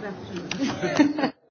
Good afternoon.